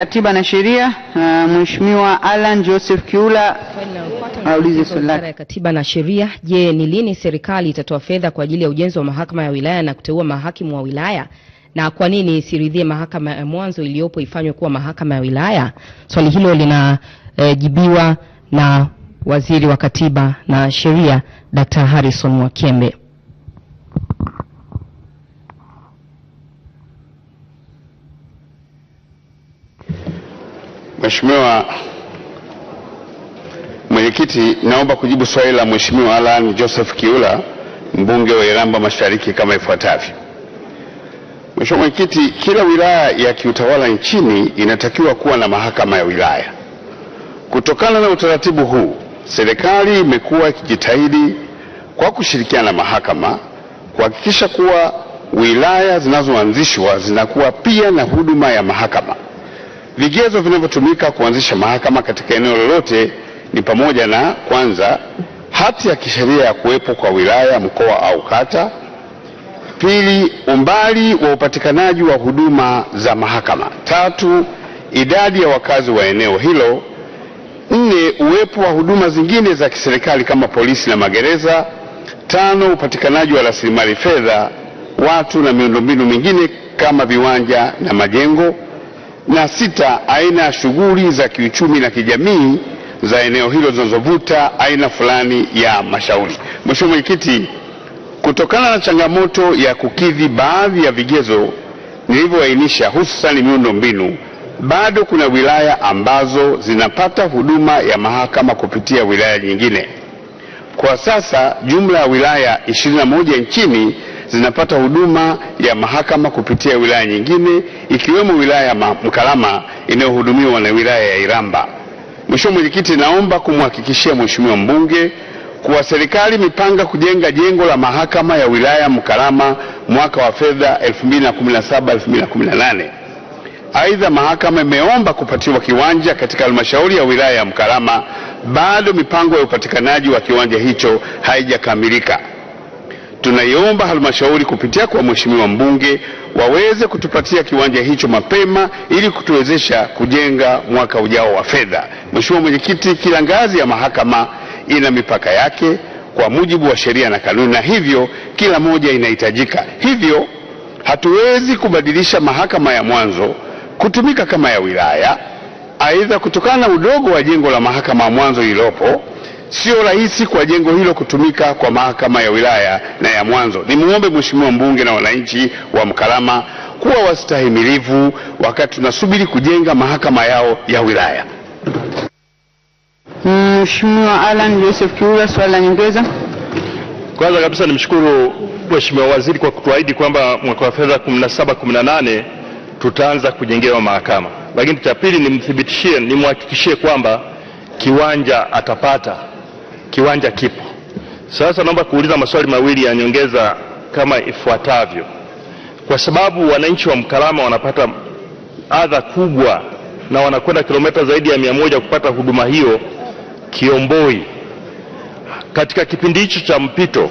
Katiba na Sheria uh, Mheshimiwa Alan Joseph Kiula aulize swali lake. ya Katiba na Sheria: Je, ni lini serikali itatoa fedha kwa ajili ya ujenzi wa mahakama ya wilaya na kuteua mahakimu wa wilaya, na kwa nini isiridhie mahakama ya mwanzo iliyopo ifanywe kuwa mahakama ya wilaya? Swali hilo linajibiwa eh, na waziri wa Katiba na Sheria Dr. Harrison Mwakyembe. Mheshimiwa Mwenyekiti, naomba kujibu swali la Mheshimiwa Alan Joseph Kiula mbunge wa Iramba Mashariki kama ifuatavyo. Mheshimiwa Mwenyekiti, kila wilaya ya kiutawala nchini inatakiwa kuwa na mahakama ya wilaya. Kutokana na utaratibu huu, serikali imekuwa ikijitahidi kwa kushirikiana na mahakama kuhakikisha kuwa wilaya zinazoanzishwa zinakuwa pia na huduma ya mahakama. Vigezo vinavyotumika kuanzisha mahakama katika eneo lolote ni pamoja na kwanza, hati ya kisheria ya kuwepo kwa wilaya, mkoa au kata; pili, umbali wa upatikanaji wa huduma za mahakama; tatu, idadi ya wakazi wa eneo hilo; nne, uwepo wa huduma zingine za kiserikali kama polisi na magereza; tano, upatikanaji wa rasilimali fedha watu na miundombinu mingine kama viwanja na majengo; na sita, aina ya shughuli za kiuchumi na kijamii za eneo hilo zinazovuta aina fulani ya mashauri. Mheshimiwa Mwenyekiti, kutokana na changamoto ya kukidhi baadhi ya vigezo nilivyoainisha, hususani miundo mbinu, bado kuna wilaya ambazo zinapata huduma ya mahakama kupitia wilaya nyingine. Kwa sasa jumla ya wilaya 21 nchini zinapata huduma ya mahakama kupitia wilaya nyingine ikiwemo wilaya ya Mkalama inayohudumiwa na wilaya ya Iramba. Mheshimiwa Mwenyekiti, naomba kumhakikishia Mheshimiwa mbunge kuwa serikali imepanga kujenga jengo la mahakama ya wilaya Mkalama mwaka wa fedha 2017-2018. Aidha, mahakama imeomba kupatiwa kiwanja katika halmashauri ya wilaya ya Mkalama. Bado mipango ya upatikanaji wa kiwanja hicho haijakamilika. Tunaiomba halmashauri kupitia kwa mheshimiwa mbunge waweze kutupatia kiwanja hicho mapema ili kutuwezesha kujenga mwaka ujao wa fedha. Mheshimiwa Mwenyekiti, kila ngazi ya mahakama ina mipaka yake kwa mujibu wa sheria na kanuni, na hivyo kila moja inahitajika. Hivyo hatuwezi kubadilisha mahakama ya mwanzo kutumika kama ya wilaya. Aidha, kutokana na udogo wa jengo la mahakama ya mwanzo iliyopo sio rahisi kwa jengo hilo kutumika kwa mahakama ya wilaya na ya mwanzo. Nimwombe mheshimiwa mbunge na wananchi wa Mkalama kuwa wastahimilivu wakati tunasubiri kujenga mahakama yao ya wilaya. Mheshimiwa Alan Joseph Kiula, swali la nyongeza. Kwanza kabisa nimshukuru Mheshimiwa Waziri kwa kutuahidi kwamba mwaka wa fedha 17 18 tutaanza kujengewa mahakama, lakini cha pili nimthibitishie, nimhakikishie kwamba kiwanja atapata. Kiwanja kipo. Sasa naomba kuuliza maswali mawili ya nyongeza kama ifuatavyo. Kwa sababu wananchi wa Mkalama wanapata adha kubwa na wanakwenda kilomita zaidi ya mia moja kupata huduma hiyo Kiomboi, katika kipindi hicho cha mpito,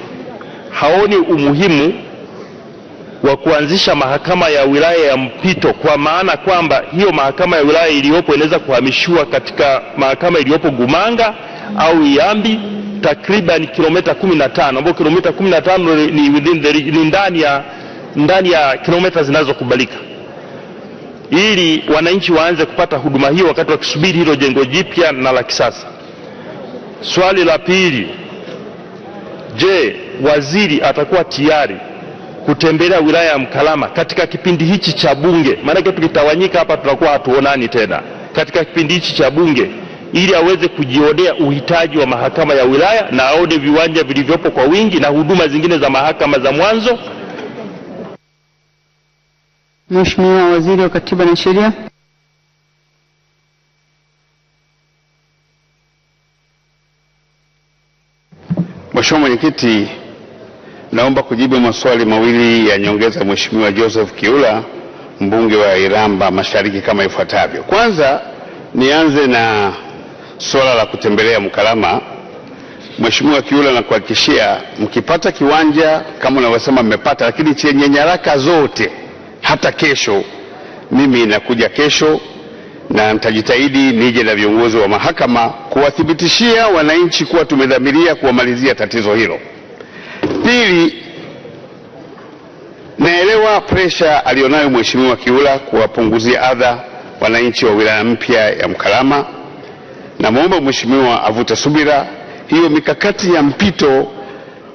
haoni umuhimu wa kuanzisha mahakama ya wilaya ya mpito, kwa maana kwamba hiyo mahakama ya wilaya iliyopo inaweza kuhamishiwa katika mahakama iliyopo Gumanga au Iambi takriban kilomita 15 ambapo kilomita 15 ni within the ni ndani ya ndani ya kilomita zinazokubalika ili wananchi waanze kupata huduma hiyo wakati wakisubiri hilo jengo jipya na la kisasa. Swali la pili, je, waziri atakuwa tayari kutembelea wilaya ya Mkalama katika kipindi hichi cha bunge? Maanake tukitawanyika hapa tutakuwa hatuonani tena. Katika kipindi hichi cha bunge ili aweze kujionea uhitaji wa mahakama ya wilaya na aone viwanja vilivyopo kwa wingi na huduma zingine za mahakama za mwanzo. Mheshimiwa Waziri wa Katiba na Sheria. Mheshimiwa Mwenyekiti, naomba kujibu maswali mawili ya nyongeza Mheshimiwa Joseph Kiula mbunge wa Iramba Mashariki kama ifuatavyo. Kwanza nianze na Swala la kutembelea Mkalama, Mheshimiwa Kiula, nakuhakikishia mkipata kiwanja kama unavyosema mmepata, lakini chenye nyaraka zote, hata kesho mimi nakuja kesho, na nitajitahidi nije na viongozi wa mahakama kuwathibitishia wananchi kuwa tumedhamiria kuwamalizia tatizo hilo. Pili, naelewa presha aliyonayo Mheshimiwa Kiula kuwapunguzia adha wananchi wa wilaya mpya ya Mkalama Namwomba mheshimiwa avute subira, hiyo mikakati ya mpito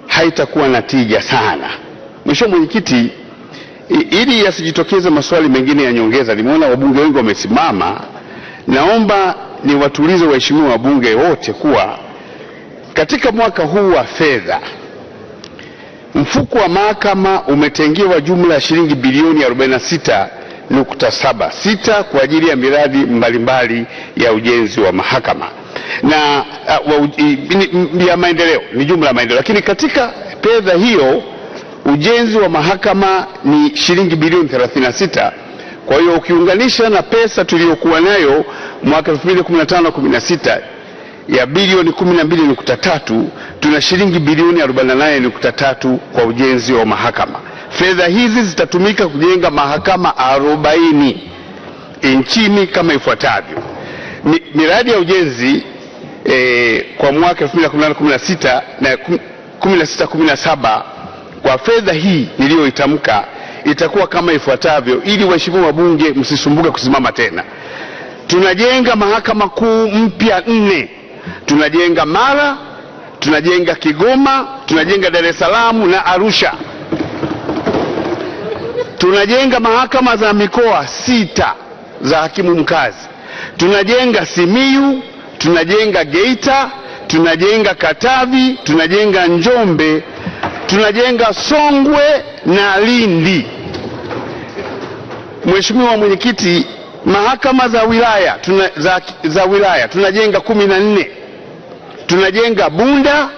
haitakuwa na tija sana. Mheshimiwa Mwenyekiti, ili yasijitokeze maswali mengine ya nyongeza, nimeona wabunge wengi wamesimama, naomba niwatulize waheshimiwa wabunge wote kuwa katika mwaka huu wa fedha mfuko wa mahakama umetengewa jumla ya shilingi bilioni 46 nukta saba sita kwa ajili ya miradi mbalimbali ya ujenzi wa mahakama na uh, ya maendeleo ni jumla ya maendeleo, lakini katika fedha hiyo ujenzi wa mahakama ni shilingi bilioni 36. Kwa hiyo ukiunganisha na pesa tuliyokuwa nayo mwaka 2015 16 ya bilioni 12.3 tuna shilingi bilioni 48.3 kwa ujenzi wa mahakama. Fedha hizi zitatumika kujenga mahakama arobaini nchini kama ifuatavyo. Mi, miradi ya ujenzi e, kwa mwaka 2016 na 1617 kwa fedha hii niliyoitamka itakuwa kama ifuatavyo, ili waheshimiwa wabunge msisumbuke kusimama tena. Tunajenga mahakama kuu mpya nne. Tunajenga Mara, tunajenga Kigoma, tunajenga Dar es Salaam na Arusha. Tunajenga mahakama za mikoa sita za hakimu mkazi, tunajenga Simiyu, tunajenga Geita, tunajenga Katavi, tunajenga Njombe, tunajenga Songwe na Lindi. Mheshimiwa Mwenyekiti, mahakama za wilaya tuna, za, za wilaya tunajenga kumi na nne tunajenga Bunda,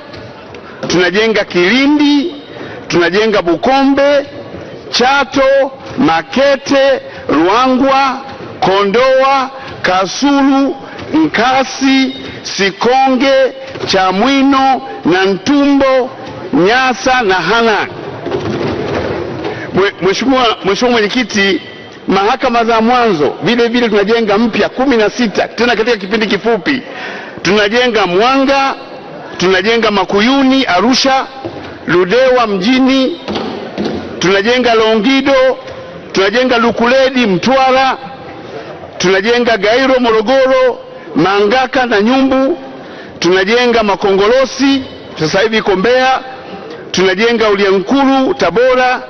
tunajenga Kilindi, tunajenga Bukombe Chato, Makete, Ruangwa, Kondoa, Kasulu, Nkasi, Sikonge, Chamwino na Ntumbo, Nyasa na Hanang. Mheshimiwa Mwenyekiti, mahakama za mwanzo vile vile tunajenga mpya kumi na sita tena katika kipindi kifupi. Tunajenga Mwanga, tunajenga Makuyuni Arusha, Ludewa mjini tunajenga Longido, tunajenga Lukuledi Mtwara, tunajenga Gairo Morogoro, Mangaka na Nyumbu, tunajenga Makongolosi sasa hivi iko Mbeya, tunajenga Uliankuru Tabora,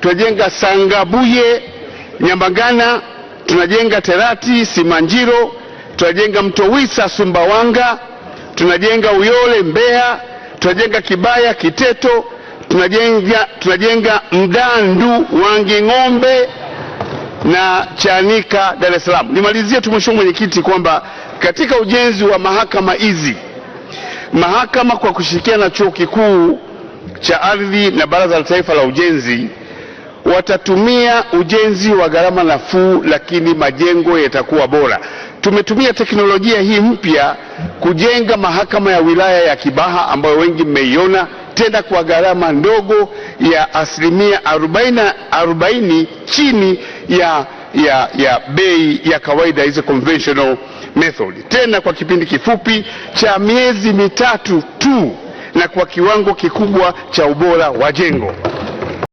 tunajenga Sangabuye Nyambagana, tunajenga Terati Simanjiro, tunajenga Mtowisa Sumbawanga, tunajenga Uyole Mbeya, tunajenga Kibaya Kiteto tunajenga, tunajenga mdandu Wange Ng'ombe na Chanika Dar es Salaam. Nimalizie tu Mheshimiwa Mwenyekiti kwamba katika ujenzi wa mahakama hizi mahakama kwa kushirikiana na Chuo Kikuu cha Ardhi na Baraza la Taifa la Ujenzi watatumia ujenzi wa gharama nafuu, lakini majengo yatakuwa bora. Tumetumia teknolojia hii mpya kujenga mahakama ya wilaya ya Kibaha ambayo wengi mmeiona tena kwa gharama ndogo ya asilimia 40, 40 chini ya, ya, ya bei ya kawaida hizo conventional method, tena kwa kipindi kifupi cha miezi mitatu tu na kwa kiwango kikubwa cha ubora wa jengo.